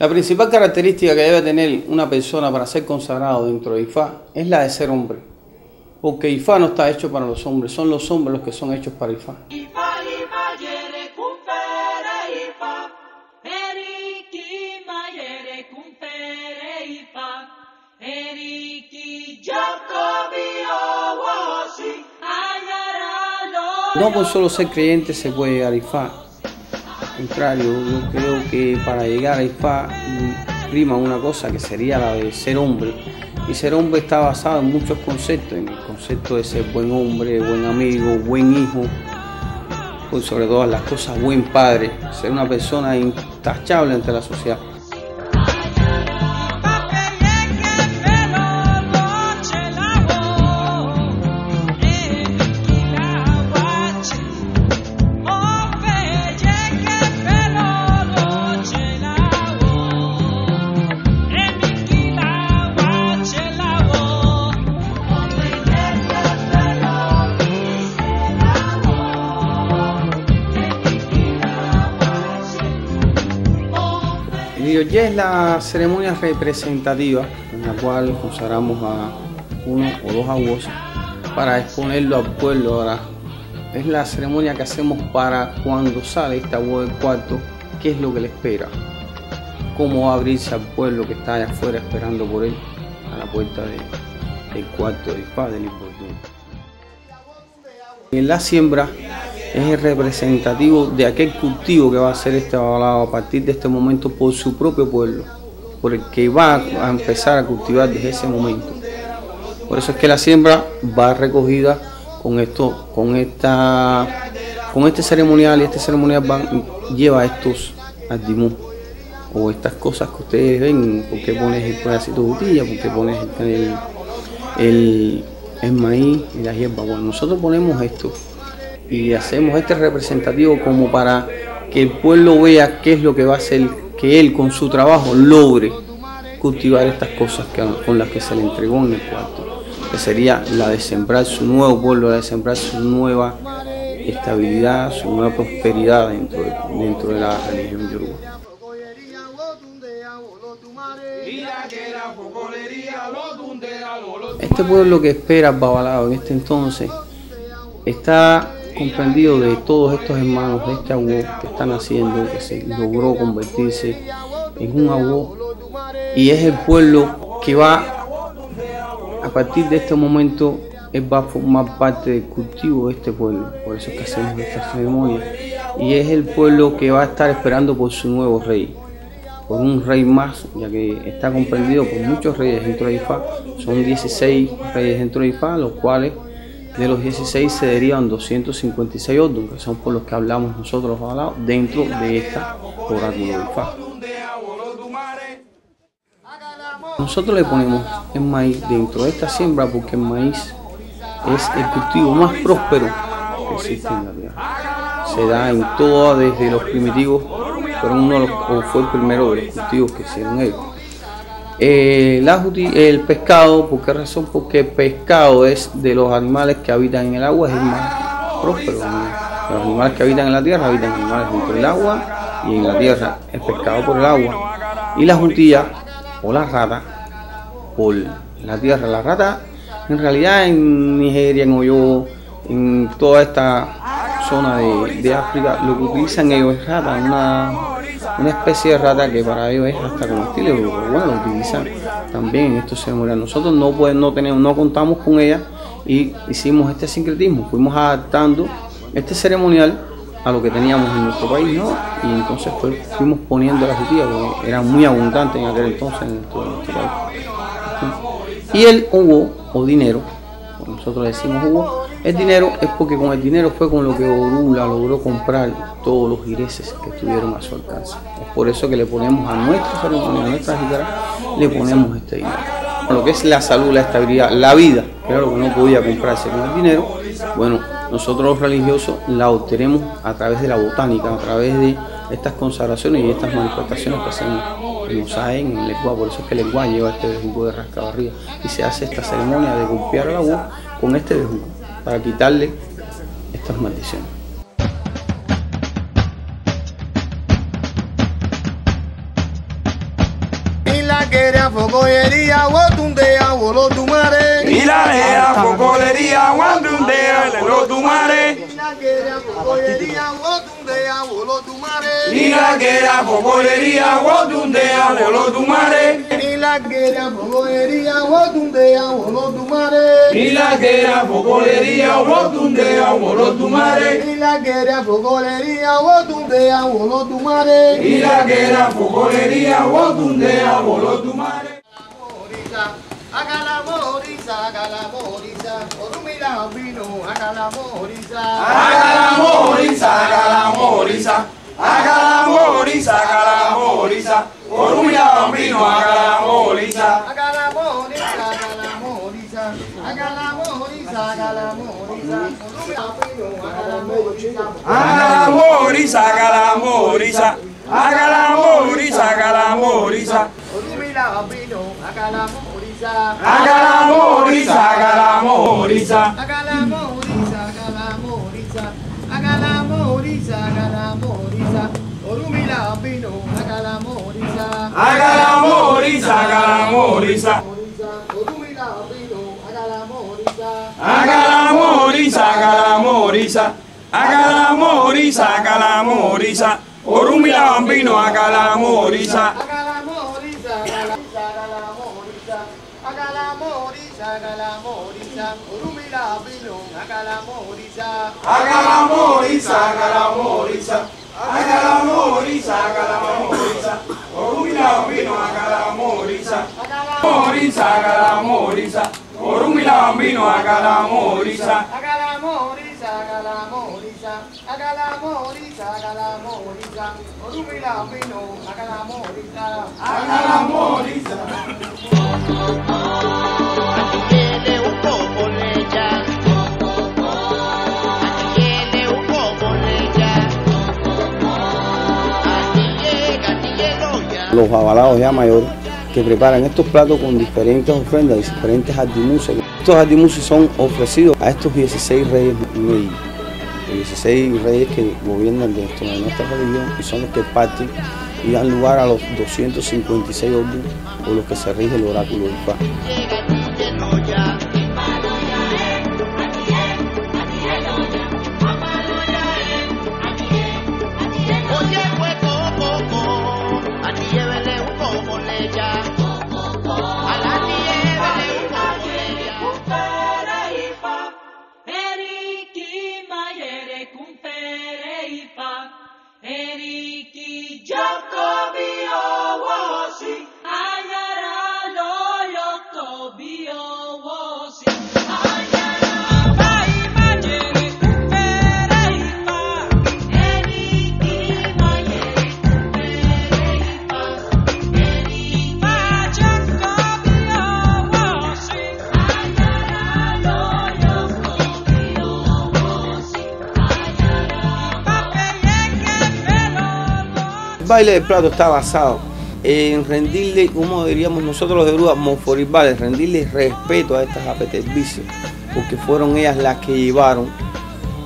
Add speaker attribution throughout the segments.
Speaker 1: La principal característica que debe tener una persona para ser consagrado dentro de Ifá es la de ser hombre. Porque Ifá no está hecho para los hombres, son los hombres los que son hechos para Ifá. No con solo ser creyente se puede llegar a Ifá contrario, yo creo que para llegar a IFA prima una cosa que sería la de ser hombre. Y ser hombre está basado en muchos conceptos, en el concepto de ser buen hombre, buen amigo, buen hijo, pues sobre todas las cosas, buen padre, ser una persona intachable ante la sociedad. Ya es la ceremonia representativa en la cual usaremos a uno o dos aguas para exponerlo al pueblo. Ahora es la ceremonia que hacemos para cuando sale esta agua del cuarto, qué es lo que le espera, cómo va a abrirse al pueblo que está allá afuera esperando por él a la puerta del cuarto del Padre del Importuno. En la siembra es el representativo de aquel cultivo que va a ser establecido a partir de este momento por su propio pueblo, por el que va a empezar a cultivar desde ese momento. Por eso es que la siembra va recogida con esto, con esta, con este ceremonial y este ceremonial lleva estos adimú o estas cosas que ustedes ven, porque pones el pedacito de botilla, porque pones el, el, el maíz y la hierba. Bueno, nosotros ponemos esto y hacemos este representativo como para que el pueblo vea qué es lo que va a hacer, que él con su trabajo logre cultivar estas cosas con las que se le entregó en el cuarto, que sería la de sembrar su nuevo pueblo, la de sembrar su nueva estabilidad, su nueva prosperidad dentro de, dentro de la religión yoruba. Este pueblo que espera Babalao en este entonces está comprendido de todos estos hermanos de este agua que están haciendo, que se logró convertirse en un agua y es el pueblo que va a partir de este momento él va a formar parte del cultivo de este pueblo, por eso que hacemos esta ceremonia y es el pueblo que va a estar esperando por su nuevo rey, por un rey más, ya que está comprendido por muchos reyes dentro de Ifa son 16 reyes dentro de Ifa los cuales de los 16 se derivan 256 otros, que son por los que hablamos nosotros dentro de esta oráculo de Nosotros le ponemos el maíz dentro de esta siembra porque el maíz es el cultivo más próspero que existe en la tierra. Se da en toda, desde los primitivos, uno fue el primero de los cultivos que hicieron ellos eh, el pescado, ¿por qué razón? Porque el pescado es de los animales que habitan en el agua, es el más próspero. Los animales que habitan en la tierra habitan animales junto agua y en la tierra el pescado por el agua. Y la juntilla o la rata por la tierra. La rata, en realidad en Nigeria, en Oyo, en toda esta zona de, África, lo que utilizan ellos es rata, una, especie de rata que para ellos es hasta comestible, pero bueno, lo utilizan también en estos ceremoniales. Nosotros no, pueden, no, tenemos, no contamos con ella y hicimos este sincretismo, fuimos adaptando este ceremonial a lo que teníamos en nuestro país, ¿no? Y entonces fuimos poniendo las judías, porque eran muy abundante en aquel entonces en nuestro, nuestro país. Y el hubo, o dinero, nosotros decimos hubo, el dinero es porque con el dinero fue con lo que Orula logró comprar todos los ireses que estuvieron a su alcance. Es por eso que le ponemos a nuestra ceremonia, a nuestra guitarras, le ponemos este dinero. Lo que es la salud, la estabilidad, la vida, claro que no podía comprarse con el dinero, bueno, nosotros los religiosos la obtenemos a través de la botánica, a través de estas consagraciones y estas manifestaciones que hacemos en el en por eso es que lenguaje lleva este bejuco de rascabarría y se hace esta ceremonia de golpear la U con este bejuco para quitarle estas maldiciones. Quería focollería, guatundea, voló guau, mare. Y guatundea, voló tu mare. Y la quería focollería, guatundea, voló tu mare. Y la quería focollería, guatundea, voló tu mare. Milaguera, fogolería, guatundea, guolotumare. Milaguera, bolotumare guatundea, guolotumare. Milaguera, fogolería, o guolotumare. Milaguera, la guatundea, Agala moriza, agala moriza, orumila vino, agala moriza, Agala moriza, agala morisa, bambino haga la moliza. Haga la moliza, haga la moliza, haga la moliza, haga la moliza. Haga la moliza, haga la moliza, haga la moliza, haga la moliza. Rumila bambino, haga la moliza. Haga la moliza, haga Rumila bambino, haga Agala Morisa, Agala Morisa. Agala Morisa, Agala Morisa. Agala Morisa, Agala Morisa. Orumila Bambino, Agala Morisa. Agala Morisa, Agala Morisa. Agala Morisa, Agala Morisa. Agala Morisa. Agala Morisa, Agala Morisa. Agala Morisa, Agala Morisa orumila mbino agala morisa morisa agala morisa orumila mbino agala morisa agala morisa agala morisa agala morisa agala morisa orumila mbino agala morisa agala morisa los avalados ya mayores que preparan estos platos con diferentes ofrendas, diferentes adimuses. Estos adimuses son ofrecidos a estos 16 reyes 16 reyes que gobiernan de nuestra religión y son los que parten y dan lugar a los 256 órdenes por los que se rige el oráculo del Paz. baile del plato está basado en rendirle, como diríamos nosotros los de Grúa, monforibales, rendirle respeto a estas apetencias, porque fueron ellas las que llevaron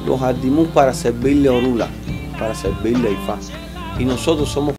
Speaker 1: los ardimus para servirle a Orula, para servirle a Ifá. Y nosotros somos